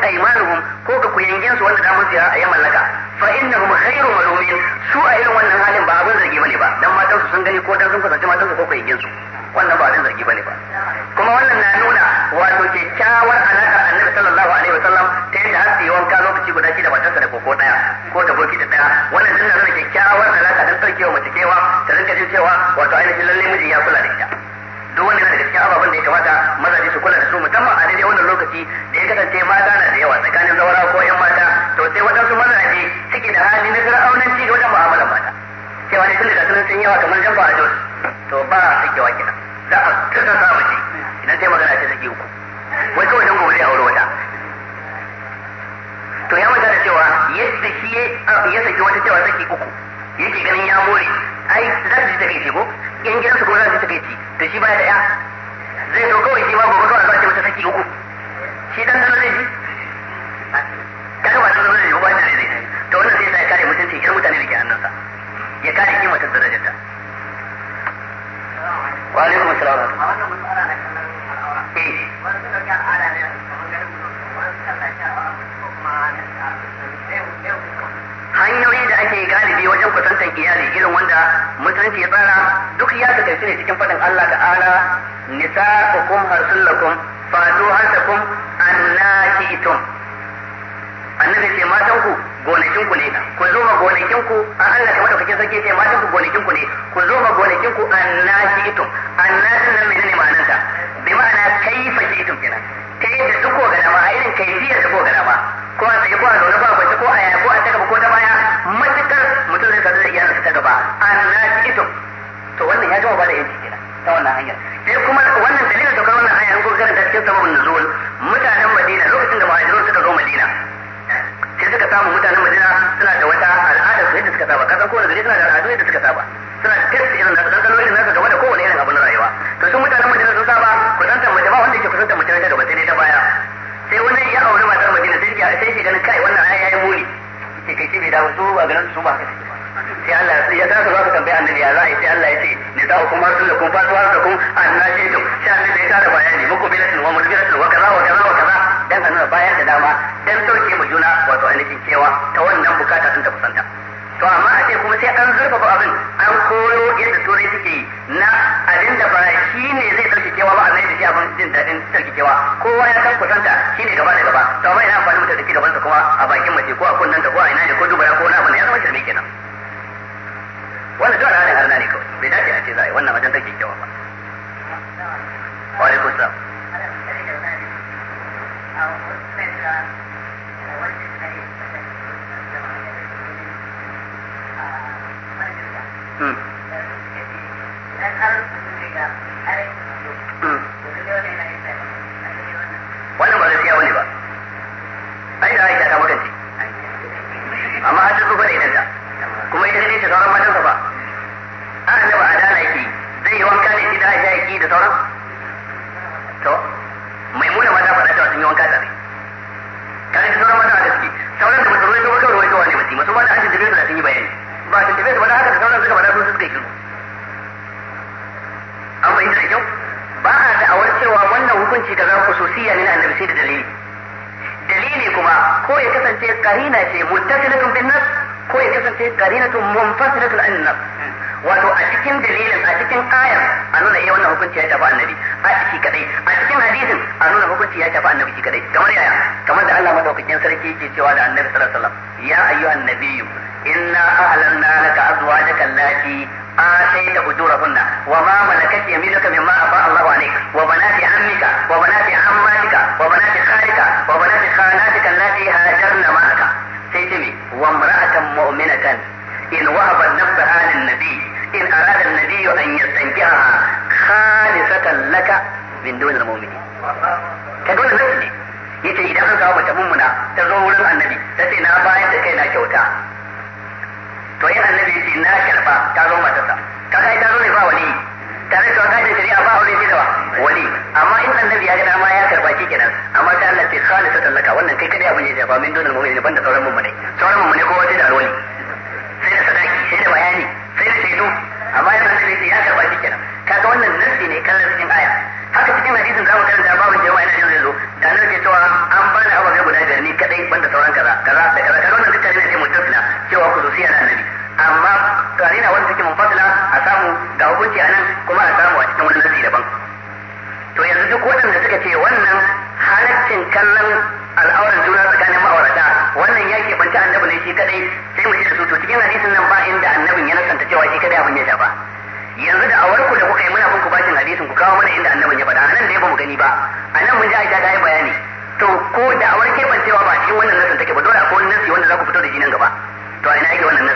aymanuhum ko ga kuyangin su wanda damar ziyara a ya mallaka fa innahum ghayru malumin su a irin wannan halin ba abin zargi bane ba dan matan su sun gani ko dan sun kasance matan su ko kuyangin su wannan ba abin zargi bane ba kuma wannan na nuna wato kyakkyawar alaƙar annabi sallallahu alaihi wasallam ta yadda har su yi wanka lokaci guda shi da matarsa da koko daya ko da boki da daya wannan sarkewa mace ta rinka cewa wato ainihin lalle miji ya kula cikin ababen da ya kamata mazaje su kula da su musamman a daidai wannan lokaci da ya kasance mata na da yawa tsakanin zawara ko yan mata to sai waɗansu mazaje suke da hali na fir'aunanci ga wajen mu'amalar mata cewa ne tun da sunan sun yawa kamar jamba a jos to ba a wa kina. za a tuna sa ce idan sai magana ta sake uku wai kawai dan gobe zai aure wata to ya manta da cewa yadda shi ya saki wata cewa saki uku yake ganin ya more ai za su ji ce ko in gidansu ko za su ji ce to shi baya da ya zai zo kawai shi ma gobe kawai ba ce masa saki uku shi dan zama zai ji kaga ba zama zai ba ne zai to wannan sai ya kare mutunci irin mutane da ke hannunsa ya kare kima ta darajarta wa alaikum assalam eh hanyoyi da ake galibi wajen kwatantar iyali irin wanda musulunci ya tsara duk ya takaice ne cikin faɗin Allah ta'ala nisa'ukum harsullakum fadu harsakum annakitum annabi ce matan ku gonakin ku ne ku zo ma gonakin ku a Allah ta madaukakin sarki ce matan ku gonakin ku ne ku zo ma gonakin ku annakitum annakin nan menene ta bi ma'ana kaifa tun kenan kai da duk ko ga a irin kai kaifiyar da ko ga ko a الناس اسم kaga haka da sauran suka faɗa sun suka yi shiru an fahimta da kyau ba a da'awar cewa wannan hukunci kaza siya ne na annabi sai da dalili dalili kuma ko ya kasance karina ce muttasilatun bin nas ko ya kasance karinatun munfasilatun an nas wato a cikin dalilin a cikin ayar a nuna eh wannan hukunci ya shafi annabi a shi kadai a cikin hadisin a nuna hukunci ya shafi annabi shi kadai kamar yaya kamar da Allah madaukakin sarki yake cewa da annabi sallallahu alaihi wasallam ya ayyuhan nabiyyu inna ahlanna laka azwajaka allati آتيت أجورهن وما ملكت يمينك مما أفاء الله عليك وبنات عمك وبنات عماتك وبنات خالك وبنات خالاتك التي هاجرن معك سيتمي وامرأة مؤمنة إن وهبت نفسها للنبي in arada an-nabiy an yastankiha khalisatan laka min dunil mu'minin kaga wannan ne yace idan an samu mace mummuna ta zo wurin annabi ta ce na bayar da kai na kyauta to yin annabi yace na karba ta zo matarsa kaga ta zo ne ba wali tare da kaidar shari'a ba wali ba. wali amma in annabi ya ga dama ya karba shi kenan amma ta Allah ce khalisatan laka wannan kai kada abin ya shafa min dunal ban da sauran mummune sauran mummune ko sai da alwali sai da sadaki sai da bayani sai da shaidu amma yana da shaidu ya karba shi kenan kaga wannan nasi ne kallon cikin aya haka cikin hadisin zamu karanta babin jama'a yana jin zo da nan ke cewa an bani ababe guda biyar ni kadai banda sauran kaza kaza da kaza kaga wannan dukkan ne mutasila cewa ku zo siya na annabi amma tare na wanda cikin munfasila a samu ga hukunci nan kuma a samu a cikin wani nasi daban to yanzu duk waɗanda suka ce wannan halaccin kallon al'auran juna tsakanin ma'aurata wannan ya ke ta annabi ne shi kadai sai mu ce da su to cikin hadisin nan ba inda annabin ya nasanta cewa shi kadai abin ya ba yanzu da awar ku da kuka yi muna bin ku bashin hadisin ku kawo mana inda annabin ya faɗa anan da ya bamu gani ba anan mun ji Aisha ta yi bayani to ko da awar kebancewa ba cikin wannan nasin take ba dole akwai wani nasi wanda za ku fito da shi nan gaba to a ina yake wannan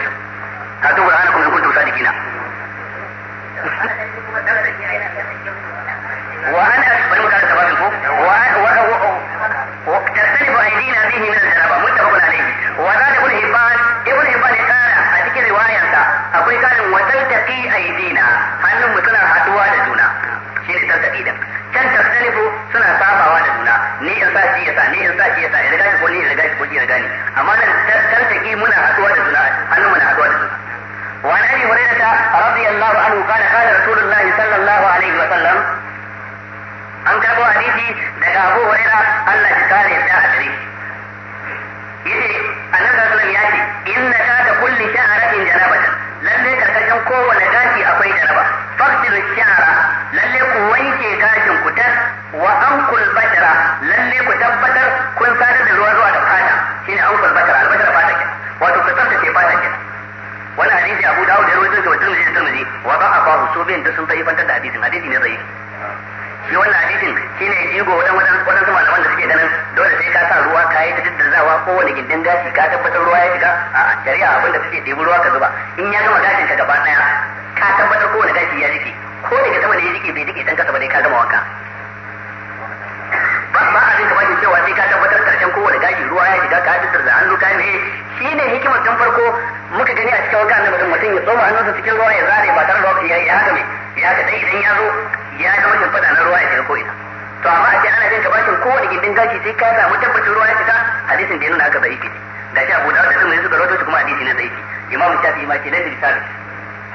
ya samu tabbacin ruwa ya shiga hadisin da ya nuna haka da'ifi ne shi Abu Dawud da Tirmidhi suka rawaito su kuma hadisi ne da'ifi Imam Shafi'i ma ke lalle bisali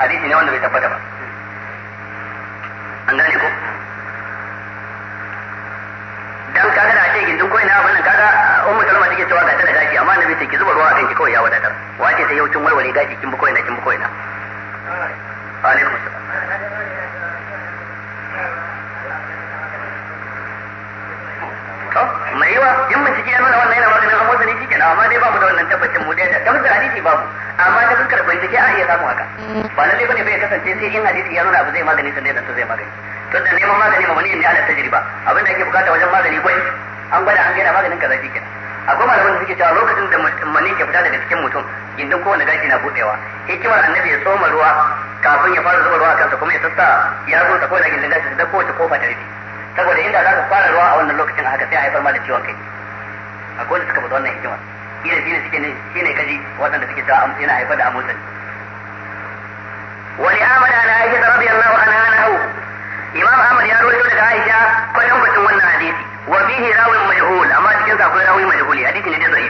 hadisi ne wanda bai tabbata ba an gane ko dan kaga da ce gindin koyi na abin nan kaga ummu salama take cewa ga ta da gashi amma annabi sai ki zuba ruwa a kanki kawai ya wadatar wace sai yau kin warware gashi kin bi koyi na kin bi koyi na alaikum assalam kenan amma dai ba mu da wannan tabbacin mu dai ta fuskar hadisi babu amma ta fuskar bai take a iya samu haka ba lalle bane bai kasance sai in hadisi ya nuna abu zai magani sai da zai magani to da neman magani ba mani ne ala tajriba abin da ake bukata wajen magani gwai an gwada an gaina maganin kaza kike akwai malaman da suke cewa lokacin da mani ke fita daga cikin mutum inda kowane gashi na budewa hikimar annabi ya tsoma ruwa kafin ya fara zuba ruwa kansa kuma ya sassa ya zo ta kowane gindin gashi da kowace kofa ta rufe saboda inda za ka fara ruwa a wannan lokacin haka sai a haifar ma da ciwon kai akwai da suka faɗi wannan hikimar ina shine suke ne shine kaji da suke cewa yana haifar da amusan wani amana na aisha radiyallahu anha nahu imam ahmad ya rawaito daga aisha kwayan mutum wannan hadisi wa fihi rawin majhul amma cikin sa akwai rawi majhuli hadisi ne da zai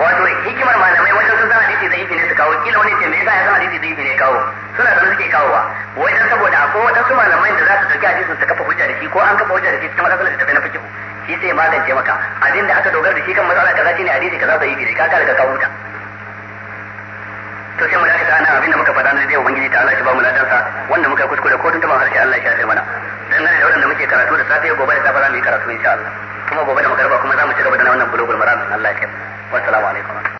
wato hikimar malamai wajen sun san hadisi zai ne su kawo kila wani ce me yasa ya san hadisi zaifi ne kawo suna da suke kawowa wajen saboda akwai wadansu malamai da za su dauki hadisin su kafa hujja da shi ko an kafa hujja da shi cikin matsalar da ta na fikihu shi sai magance maka abin da aka dogara da shi kan matsala kaza shine hadisi kaza da yi ka ka ka wuta to sai mu dakata ana abin da muka faɗa na dai ubangiji ta Allah shi ba mu ladansa sa wanda muka kuskure ko tun taba harshe Allah shi ya sai mana dan nan da wannan muke karatu da safe gobe da safe za mu yi karatu insha Allah kuma gobe da magarba kuma za mu ci gaba da wannan bulugul maran Allah ya kai wassalamu alaikum